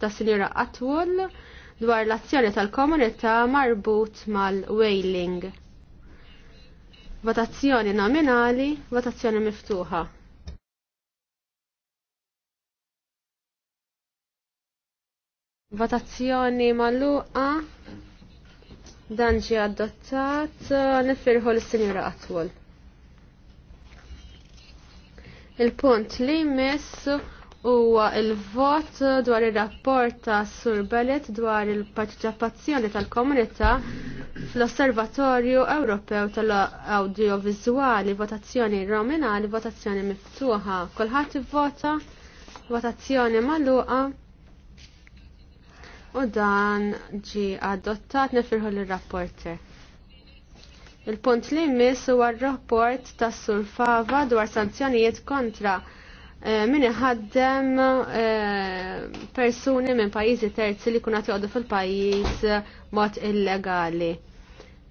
ta' Sinjura Atwood dwar l-azzjoni tal-komunità marbut mal-wailing. Votazzjoni nominali, votazzjoni miftuħa. Votazzjoni mal-luqa, danġi adottat, nifirħu l-Sinjura Atwood. Il-punt li jmiss huwa il-vot dwar ir-rapport ta' Sur Bellet dwar il-parteċipazzjoni tal-komunità fl-Osservatorju Ewropew tal-Audiovizwali, votazzjoni Rominali, votazzjoni miftuħa. Kulħadd ivvota, votazzjoni magħluqa. U dan ġi adottat nifirħu l-rapporter. Il-punt li jmiss huwa r-rapport tas Sur Fava dwar sanzjonijiet kontra Eh, min iħaddem eh, persuni minn pajjiżi terzi li kunat joqdu fil-pajjiż eh, mod illegali.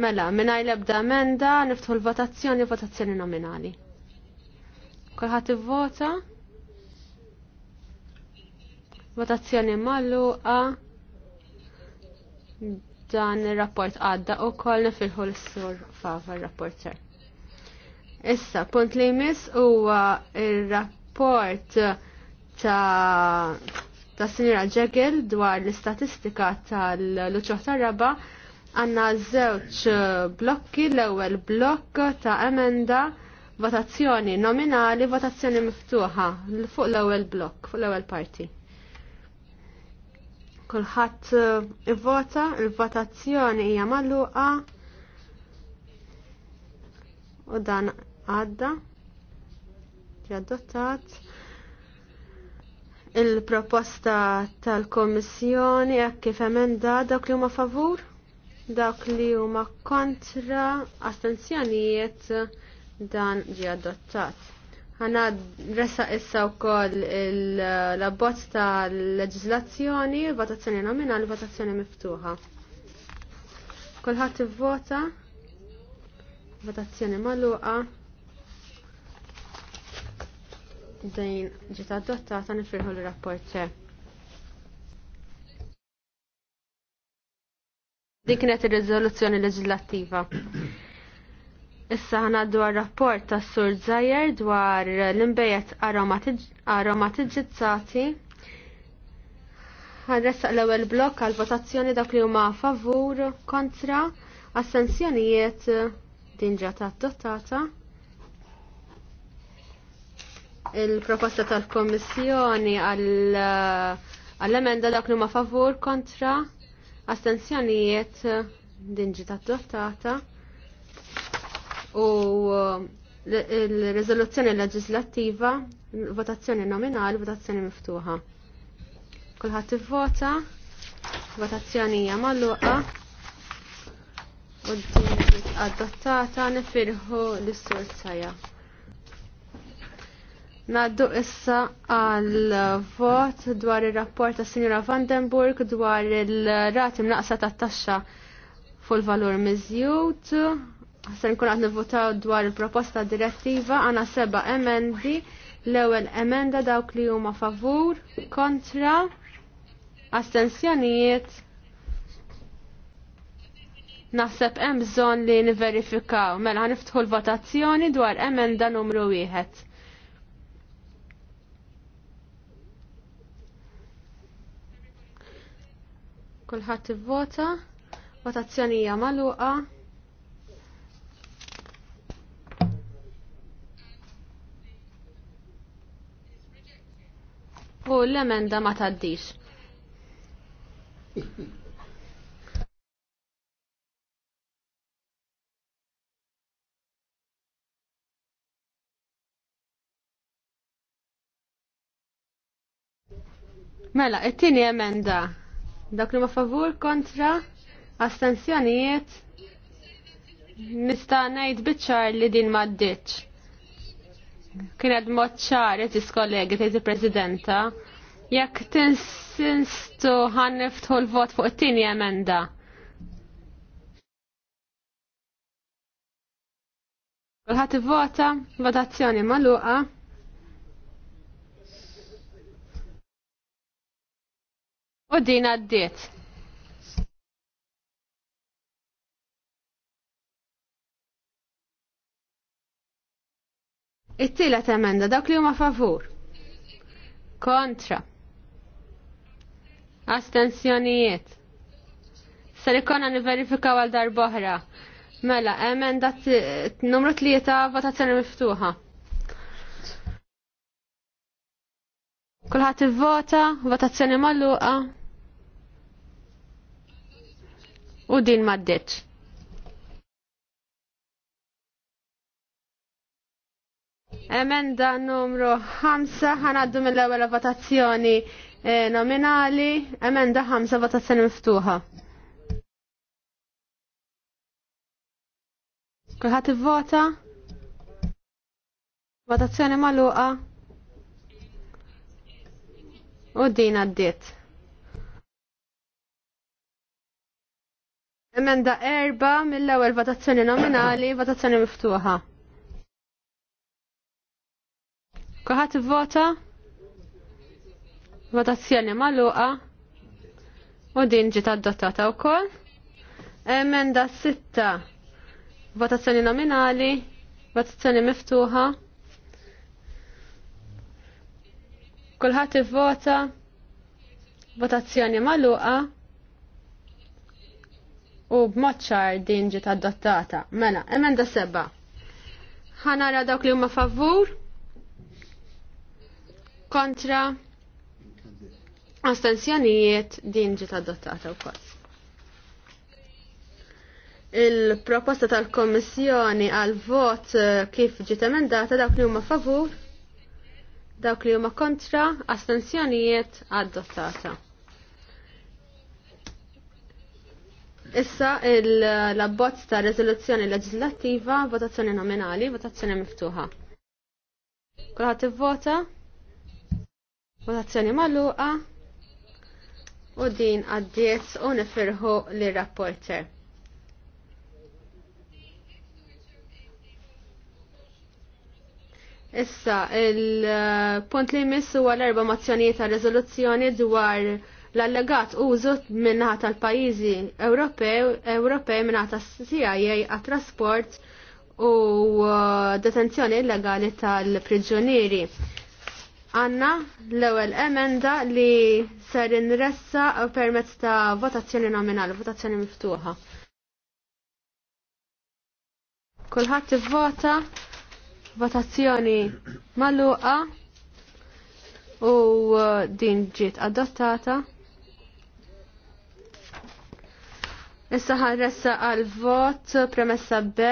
Mela, minna l-ebda emenda niftħu l-votazzjoni, votazzjoni nominali. Kolħat vota Votazzjoni malluqa. Dan il-rapport għadda u koll nifilħu l-sur fava rapporter Issa, punt li jmiss huwa il-rapport rapport ta' ta' Sinjora Ġegel dwar l-istatistika tal-luċoħ tar-raba għanna żewġ blokki l-ewwel blokk ta' emenda votazzjoni nominali, votazzjoni miftuħa fuq l-ewwel blokk, fuq l-ewwel parti. Kulħadd eh, ivvota, il-votazzjoni hija magħluqa u dan għadda ġi adottat. Il-proposta tal-Komissjoni hekk kif emenda dawk li huma favur, dawk li huma kontra astenzjonijiet dan ġi adottat. Għana resa issa u koll l-abbozz tal-leġizlazzjoni, votazzjoni nominali, votazzjoni miftuħa. Kolħat vota votazzjoni maluqa dejn ġiet adottata nifirħu l rapport Dik kienet ir-riżoluzzjoni leġislattiva. Issa ħnaddu għal-rapport ta' Sur Zajer dwar l-imbejet aromatiġizzati. Għadressaq l ewwel blokk għal-votazzjoni dak li huma favur, kontra, assenzjonijiet din ġata adottata il-proposta tal-Komissjoni eh, għall-emenda dak li ma favur kontra astensjonijiet eh, dinġi ta' adottata u eh, il-rezoluzzjoni leġislattiva votazzjoni nominali, votazzjoni miftuħa. Kulħadd ivvota, votazzjoni hija magħluqa u adottata nifirħu l-istorzaja. Naddu issa għal vot dwar il-rapport ta' Sinjora Vandenburg dwar il-rati mnaqsa ta' taxxa fuq il-valur miżjud. Se nkun qed nivvotaw dwar il-proposta direttiva għandna seba' emendi. L-ewwel emenda dawk li huma favur, kontra, astensjonijiet. Naħseb hemm bżonn li nverifikaw Mela ħaniftħu l-votazzjoni dwar emenda numru wieħed. Kulħadd ivvota. Votazzjoni hija magħluqa. U l-emenda ma taddix. Mela, it-tieni emenda Dak li ma favur kontra astensjonijiet nista' ngħid biċċar li din ma ddiċ. Kien qed mod ċar qed kollegi tgħid il-Presidenta jekk tinsistu ħan niftħu l-vot fuq it-tieni emenda. Kulħadd ivvota, votazzjoni magħluqa. U din għaddiet. It-tielet emenda dawk li huma favur. Kontra. Astensjonijiet. Ser ikonna niverifikaw għal darboħra. Mela, emenda numru tlieta votazzjoni miftuħa. Kulħadd ivvota, votazzjoni malluqa? u din maddet. Emenda numru 5 ħanaddu mill-ewwel votazzjoni eh, nominali, emenda 5 votazzjoni miftuħa. Kulħat ivvota? Votazzjoni magħluqa? U din għaddiet. Emenda erba mill-ewwel votazzjoni nominali, votazzjoni miftuħa. Kuħat vota votazzjoni magħluqa u din ġiet adottata wkoll. Emenda sitta votazzjoni nominali, votazzjoni miftuħa. Kulħadd ivvota votazzjoni magħluqa u b'moċċar din ġiet adottata. Mela, emenda seba. Ħanara dawk li huma favur? Kontra? Astenzjonijiet din ġiet adottata wkoll. Il-proposta tal komissjoni għal vot eh, kif ġiet emendata dawk li huma favur? Dawk li huma kontra? Astenzjonijiet adottata. Issa l-abbozz ta' rezoluzzjoni leġislattiva, votazzjoni nominali, votazzjoni miftuħa. Kulħat vota votazzjoni magħluqa u din għaddiet u nifirħu li rapporter Issa, il-punt li jmiss huwa l-erba' mozzjonijiet ta' riżoluzzjoni dwar L-allegat użu minnaħat tal-pajizi Ewropej minnaħat tal cia għat-trasport u uh, detenzjoni illegali tal-priġunieri. Għanna l-ewel emenda li ser inressa permezz ta' votazzjoni nominali, votazzjoni miftuħa. Kulħadd ivvota votazzjoni maluqa u uh, din ġiet adottata. Issa ħarressa għal vot premessa B.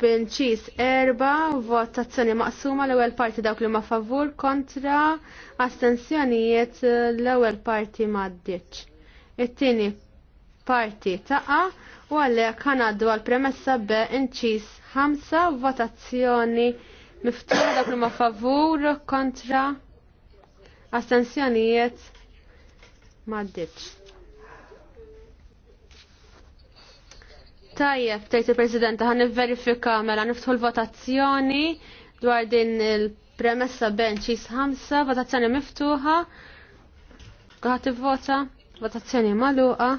Binċis erba, votazzjoni maqsuma l-ewwel parti dawk li ma favur kontra astensjonijiet l-ewwel parti maddiċ. It-tieni parti taqa u għallek kanaddu għal premessa B inċis ħamsa votazzjoni miftuħa dawk li ma favur kontra astensjonijiet Maddiċ. Tajjeb, tejt il-Presidenta, għan verifika mela niftħu l-votazzjoni dwar din il-premessa benċis 5, votazzjoni miftuħa, għat vota votazzjoni maluqa.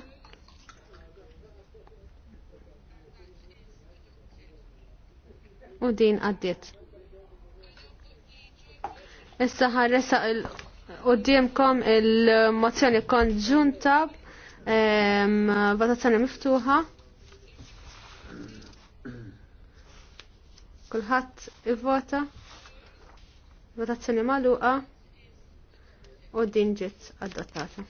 U din għaddiet. Issa ħarresa il Qoddimkom il-mozzjoni konġunta votazzjoni miftuħa. Kulħadd ivvota. Votazzjoni magħluqa u din ġiet adottata.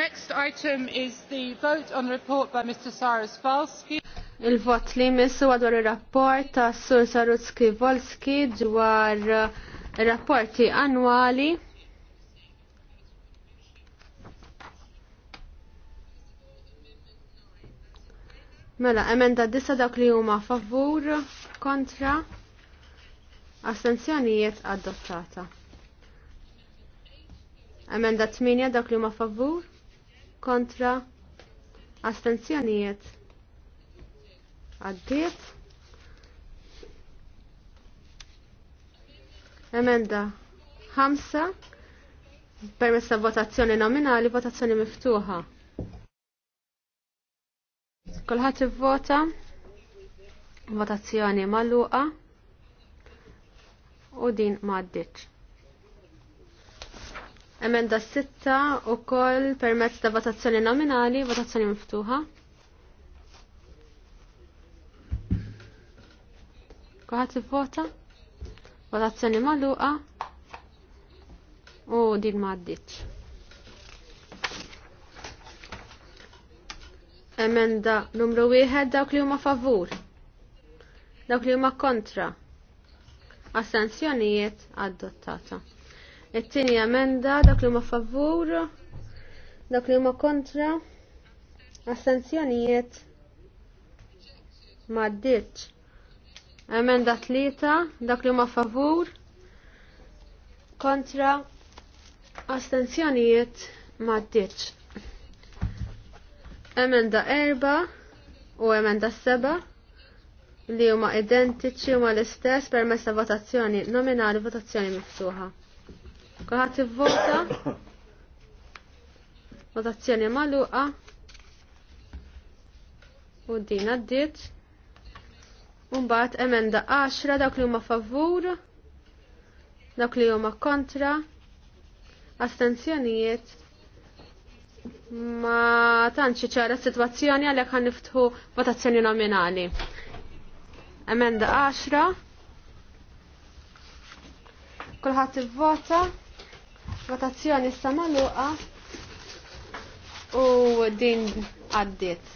next item is the vote on the report by Mr. Cyrus Falski. Il-vot li missu dwar il-rapport ta' Sur Sarutski Volski dwar uh, rapporti annwali. Mela, emenda disa dak li huma favur, kontra, astenzjonijiet adottata. Emenda 8 dak li huma favur, kontra astenzjonijiet għaddiet emenda 5 permessa votazzjoni nominali votazzjoni miftuħa kolħat vota votazzjoni malluqa. u din maddiċ Emenda sitta u koll permezz ta' votazzjoni nominali, votazzjoni miftuħa. Kuħat vota votazzjoni maluqa u din ma' Emenda numru wieħed dawk li huma favur. Dawk li huma kontra. Assenzjonijiet adottata it-tieni emenda dak li huma favur dak li huma kontra ma m'għaddiċ. Emenda tlieta dak li huma favur kontra ma m'għaddiċ. Emenda erba' u emenda seba' li huma identiċi huma l-istess permezz ta' votazzjoni nominali votazzjoni miftuħa. Kulħadd ivvota. Votazzjoni magħluqa. U din għaddiet. Umbat emenda 10 dawk li huma favur, dawk li huma kontra, astenzjonijiet ma tantx ċara situazzjoni sitwazzjoni għalhekk ħan niftħu votazzjoni nominali. Emenda 10. Kulħadd ivvota. Votazzjoni issa magħluqa u din għaddit.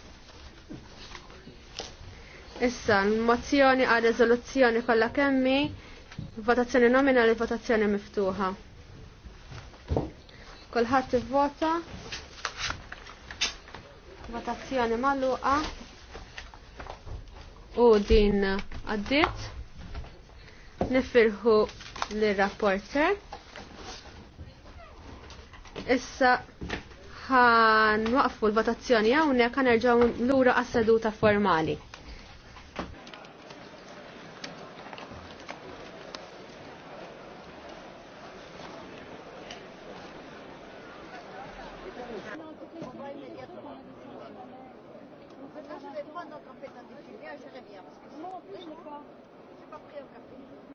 Issa, l-mozzjoni għal rezoluzzjoni kollha kemmi, votazzjoni nominali, votazzjoni miftuħa. Kulħadd ivvota. Votazzjoni magħluqa. U din għaddit. Nifirħu l-rapporter. Issa ħan waqfu l-votazzjoni hawnhekk l lura għas-seduta formali.